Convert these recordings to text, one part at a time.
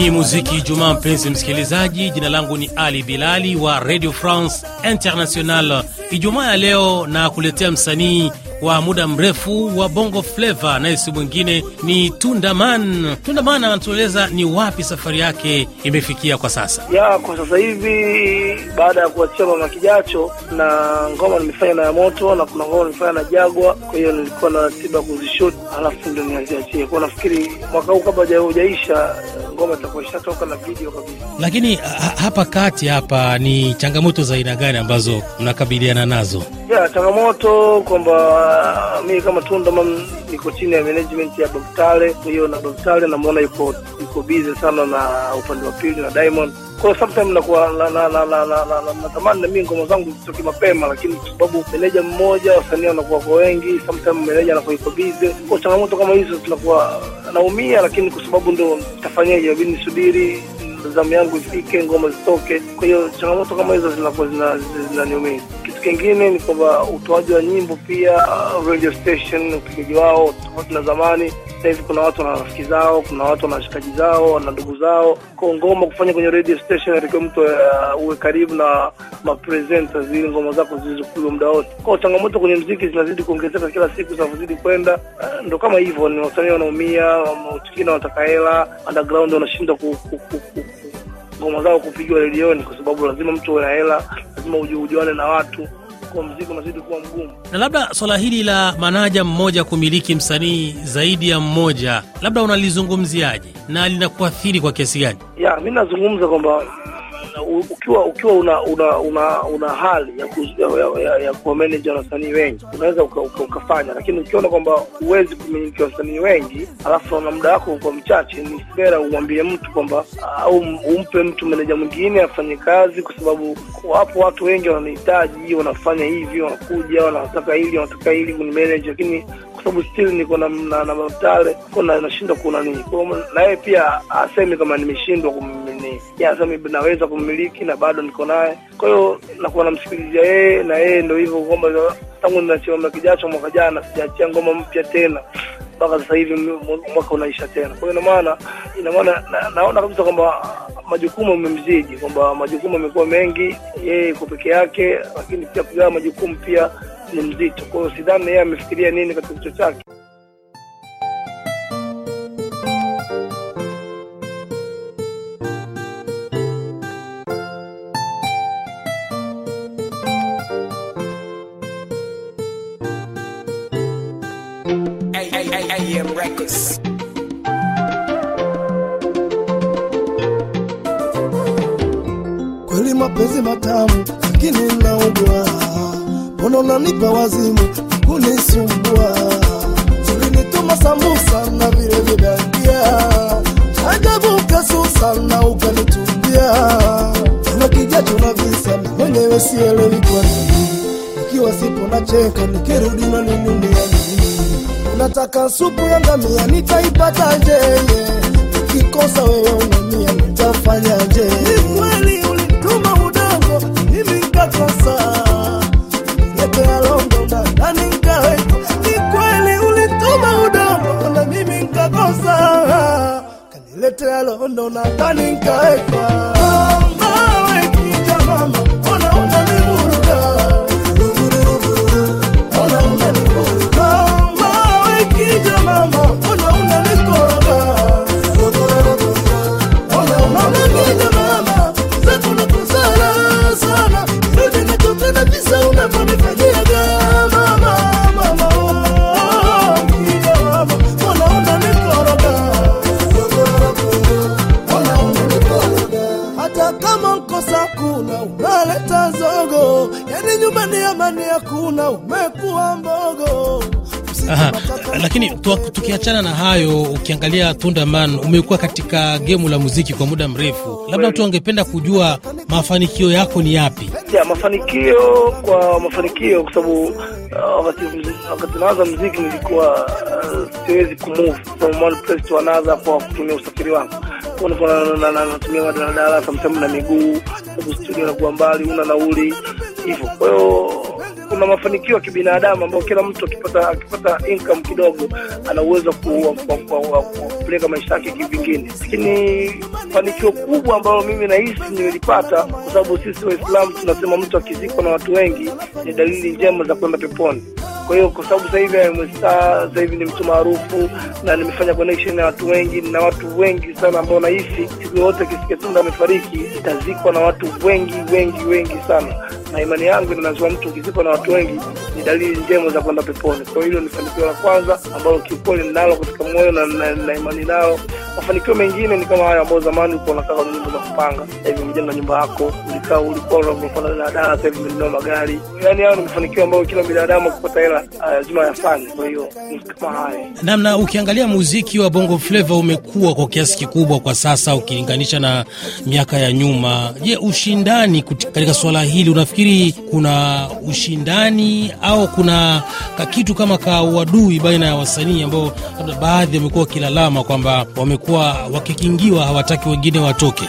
ni muziki Jumaa. Mpenzi msikilizaji, jina langu ni Ali Bilali wa Radio France International. Ijumaa ya leo na kuletea msanii wa muda mrefu wa Bongo Flava, naye si mwingine ni Tundaman. Tundaman anatueleza ni wapi safari yake imefikia kwa sasa. Ya, kwa sasa hivi baada ya kuachia Mama Kijacho na ngoma nimefanya na ya moto na kuna ngoma nimefanya na Jagwa, kwa hiyo nilikuwa na ratiba kuzishoot, halafu ndio niaziachie kwao. Nafikiri mwaka huu kabla hujaisha ngoma itakuwa ishatoka na video kabisa. Lakini ha hapa kati hapa ni changamoto za aina gani ambazo mnakabiliana nazo? Ya, changamoto kwamba mimi kama Tunda iko chini ya management ya Bobtale. Kwa hiyo na Bobtale namwona yuko yuko busy sana na upande wa pili na Diamond kwa sometimes nakuwa natamani na mimi ngoma zangu zitoke mapema, lakini kwa sababu meneja mmoja, wasanii wanakuwa kwa wengi, sometimes meneja anakuwa yuko busy. Kwa changamoto kama hizo tunakuwa naumia, lakini kwa sababu ndo tafanyaje, inabidi yaani nisubiri zamu yangu ifike, ngoma zitoke. Kwa hiyo changamoto kama hizo zinakuwa zinaniumiza kitu kingine ni kwamba utoaji wa nyimbo pia, uh, radio station, upigaji wao tofauti na zamani. Sasa hivi kuna watu wana rafiki zao, kuna watu wana washikaji zao na ndugu zao. Kwa ngoma kufanya kwenye radio station, atakiwa mtu uh, uwe karibu na mapresenta, zile ngoma zako zilizopigwa muda wote. Kwao changamoto kwenye mziki zinazidi kuongezeka kila siku zinavyozidi kwenda. Uh, ndo kama hivyo, ni wasanii wanaumia, wengine wanataka hela, underground wanashindwa ngoma zao kupigwa redioni kwa sababu lazima mtu uwe na hela lazima ujuane na watu kwa mziki unazidi kuwa mgumu. Na labda swala hili la manaja mmoja kumiliki msanii zaidi ya mmoja, labda unalizungumziaje na linakuathiri kwa kiasi gani? Ya, mi nazungumza kwamba ukiwa ukiwa una una una, una hali ya, ku, ya, ya, ya kuwameneja wasanii wengi unaweza uka, uka, ukafanya, lakini ukiona kwamba huwezi kumiliki wasanii wengi alafu na muda wako uko mchache, ni bora umwambie mtu kwamba ah, au um-, umpe mtu meneja mwingine afanye kazi, kwa sababu wapo watu wengi wananihitaji, wanafanya hivi, wanakuja, wanataka hili, wanataka hili kunimeneja, lakini kwa sababu still niko na na, na, na, mtale nashindwa kuna nini kwao, na yeye pia aseme kama nimeshindwa kum amenisikia sasa mimi naweza kumiliki na bado niko naye. Kwa hiyo nakuwa namsikilizia yeye na yeye ndio hivyo kwamba tangu ninasimama kijacho mwaka jana sijaachia ngoma mpya tena mpaka sasa hivi mwaka unaisha tena. Kwa hiyo ina maana ina maana na, naona kabisa kwamba majukumu amemzidi, kwamba majukumu amekuwa mengi, yeye iko peke yake, lakini pia kugawa majukumu pia ni mzito. Kwa hiyo sidhani yeye amefikiria nini katika kichwa chake. BPM Records. Kweli mapenzi matamu, lakini naugua, mbona unanipa wazimu kunisumbua? Ulinituma sambusa na vile vidadia, ajabu kasusa na ukanitumbia, na kijacho na visa mwenyewe sielewi kwa nini, nikiwa sipo nacheka, nikirudi na nini Nataka supu ya ngamia nitaipataje? Yeah. Nikikosa wewe unania nitafanyaje? Ni kweli ulituma udango, mimi nikakosa nigepea longo ndani nikaweka. Ni kweli ulituma udango na mimi nikakosa kaniletea londo na ndani nikaweka. Mama wekija mama Aha, lakini tukiachana na hayo, ukiangalia Tunda Man umekuwa katika gemu la muziki kwa muda mrefu, labda watu wangependa kujua mafanikio yako ni yapi? Ya, mafanikio kwa mafanikio, kwa sababu uh, wakati naanza muziki nilikuwa uh, siwezi kumove from one place to another kwa kutumia usafiri wangu natumia madaladala, sometimes na miguu, studio nakuwa mbali, una nauli hivyo, kwa hiyo kuna mafanikio ya kibinadamu ambayo kila mtu akipata akipata income kidogo ana uwezo wa kupeleka maisha yake kivingine. Lakini fanikio kubwa ambayo mimi nahisi nimelipata, kwa sababu sisi Waislamu tunasema mtu akizikwa na watu wengi ni dalili njema za kwenda peponi. Kwa hiyo kwa sababu sasa hivi sasa hivi ni mtu maarufu na nimefanya connection na watu wengi na watu wengi sana ambao nahisi siku yote Tunda amefariki itazikwa na watu wengi wengi wengi sana na imani yangu ninajua mtu ukizikwa na watu wengi ni dalili njema za kwenda peponi. Kwa hiyo ni fanikio la kwanza ambalo kiukweli ninalo katika moyo na, na, na imani nalo. Mafanikio mengine ni kama hayo ambayo zamani ulikuwa unataka kwenye nyumba za kupanga, hivi umejenga nyumba yako, ulikaa ulikuwa unafanana na dada, sasa hivi umenunua magari. Yaani hayo ni mafanikio ambayo kila binadamu akipata hela ah, lazima yafanye. Kwa hiyo ni kama hayo namna. Ukiangalia muziki wa Bongo Flava umekuwa kwa kiasi kikubwa kwa sasa ukilinganisha na miaka ya nyuma. Je, ushindani katika swala hili unafikiri unafikiri kuna ushindani au kuna kitu kama ka uadui baina ya wasanii ambao labda baadhi wamekuwa wakilalama kwamba wamekuwa wakikingiwa, hawataki wengine watoke?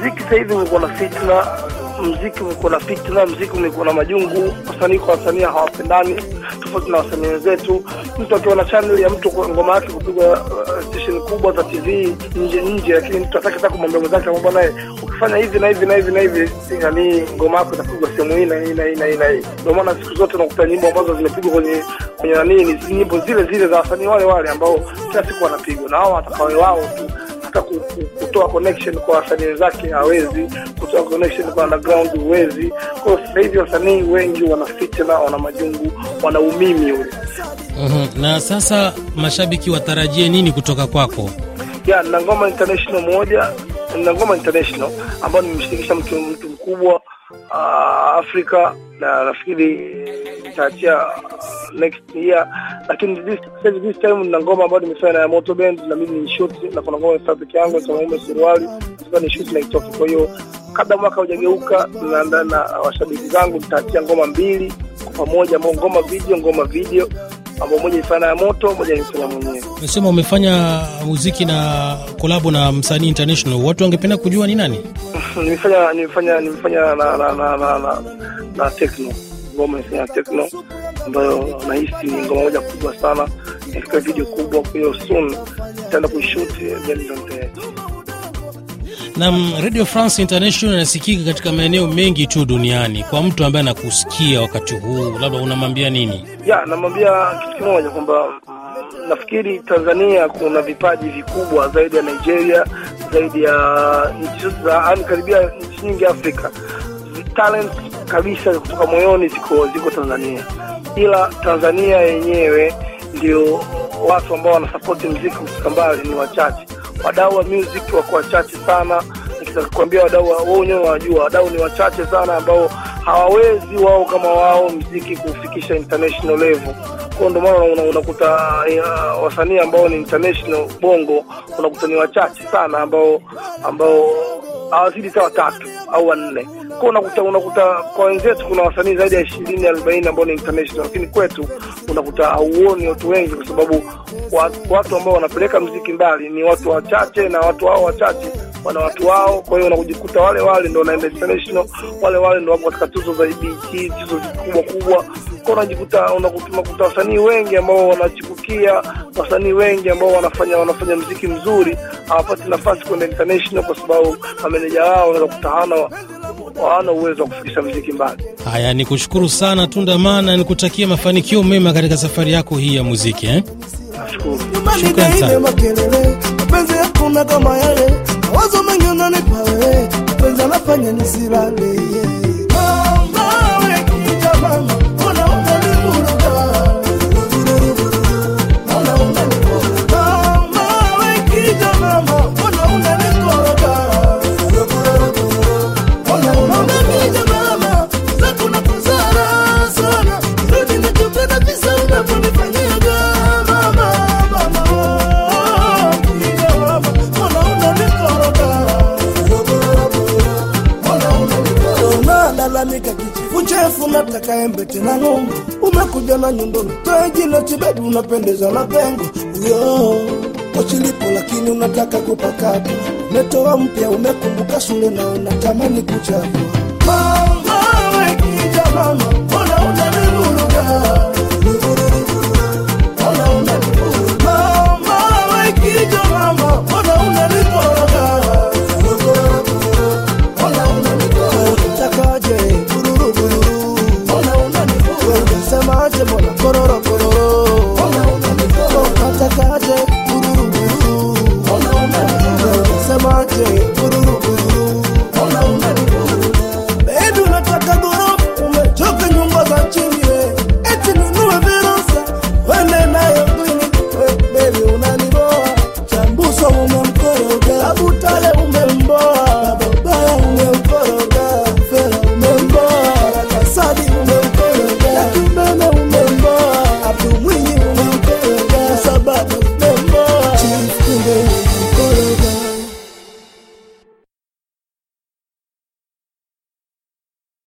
Mziki sahivi umekuwa na fitna mziki umekuwa na fitna, mziki umekuwa na majungu, wasanii kwa wasanii hawapendani, tofauti na wasanii wenzetu. Mtu akiwa na channel ya mtu ngoma yake kupiga uh, station kubwa za TV nje nje, lakini mtu atake hata kumwambia mwenzake kwamba naye ukifanya hivi na hivi na hivi na hivi, yani ngoma yako itapigwa sehemu hii na hii na hii na hii na Ndio maana siku zote nakuta nyimbo ambazo zimepigwa kwenye kwenye nani, ni nyimbo zile zile za wasanii wale wale ambao kila siku wanapigwa na hao watakao wao tu hata kutoa connection kwa wasanii zake hawezi, kutoa connection kwa underground huwezi. Kwa hiyo sasa hivi wasanii wengi wanafichana, wana majungu, wana umimi ule. Mm Na sasa mashabiki watarajie nini kutoka kwako? Ya, na ngoma international moja na ngoma international ambayo nimemshirikisha mtu mtu mkubwa uh, Afrika na nafikiri itaachia next year, lakini this, this time na ngoma ambayo nimefanya na Moto Band na mimi ni shoot, na kuna ngoma ya fabric yangu kwa mume suruali, sasa ni shoot na itoke. Kwa hiyo kabla mwaka hujageuka, tunaandaa na washabiki zangu, nitatia ngoma mbili kwa pamoja, ambao ngoma video, ngoma video ambao moja ni sana ya moto, moja ni sana mwenyewe. Umesema umefanya muziki na kolabo na msanii international, watu wangependa kujua ni nani? Nimefanya nimefanya nimefanya na na na na, na, na techno ngoma ya techno ambayo nahisi ni ngoma moja kubwa sana, nilikuwa video kubwa, kwa hiyo soon nitaenda kuishuti then na Radio France International inasikika katika maeneo mengi tu duniani. Kwa mtu ambaye anakusikia wakati huu, labda unamwambia nini? Ya, namwambia kitu kimoja kwamba mm, nafikiri Tanzania kuna vipaji vikubwa zaidi ya Nigeria, zaidi ya nchi zote za yani, karibia nchi nyingi Afrika. Talent kabisa kutoka moyoni ziko ziko Tanzania ila Tanzania yenyewe ndio watu ambao wanasapoti mziki kufika mbali ni wachache. Wadau wa music wako wachache sana, nikikwambia wadau wao wenyewe wanajua, wadau ni wachache sana ambao hawawezi wao kama wao mziki kufikisha international level. Kwa ndio maana unakuta una uh, eh, wasanii ambao ni international bongo unakuta ni wachache sana ambao ambao hawazidi sawa tatu au wanne kwa unakuta, unakuta kwa wenzetu kuna wasanii zaidi ya ishirini arobaini ambao ni international, lakini kwetu unakuta hauoni watu wengi, kwa sababu watu, ambao wanapeleka mziki mbali ni watu wachache, na watu hao wachache wana watu wao. Kwa hiyo unakujikuta wale wale ndo wanaenda international, wale wale ndo wapo katika tuzo za EBT, tuzo kubwa kubwa kwa unajikuta unakuta wasanii wengi ambao wanachipukia, wasanii wengi ambao wanafanya wanafanya mziki mzuri hawapati nafasi kwenda international kwa sababu mameneja wao wanaweza kutahana hawana uwezo wa kufikisha mziki mbali. Haya, ni kushukuru sana Tunda Maana, nikutakia mafanikio mema katika safari yako hii ya muziki eh? Nashukuru. Shukrani sana. kama yale, mawazo mengi unanipa wewe, mapenzi nisilale kijana nyundo la chibedu unapendeza na pengo yo kochilipo lakini unataka kupakata umetoa mpya umekumbuka shule na unatamani kuchapwa mama kijamama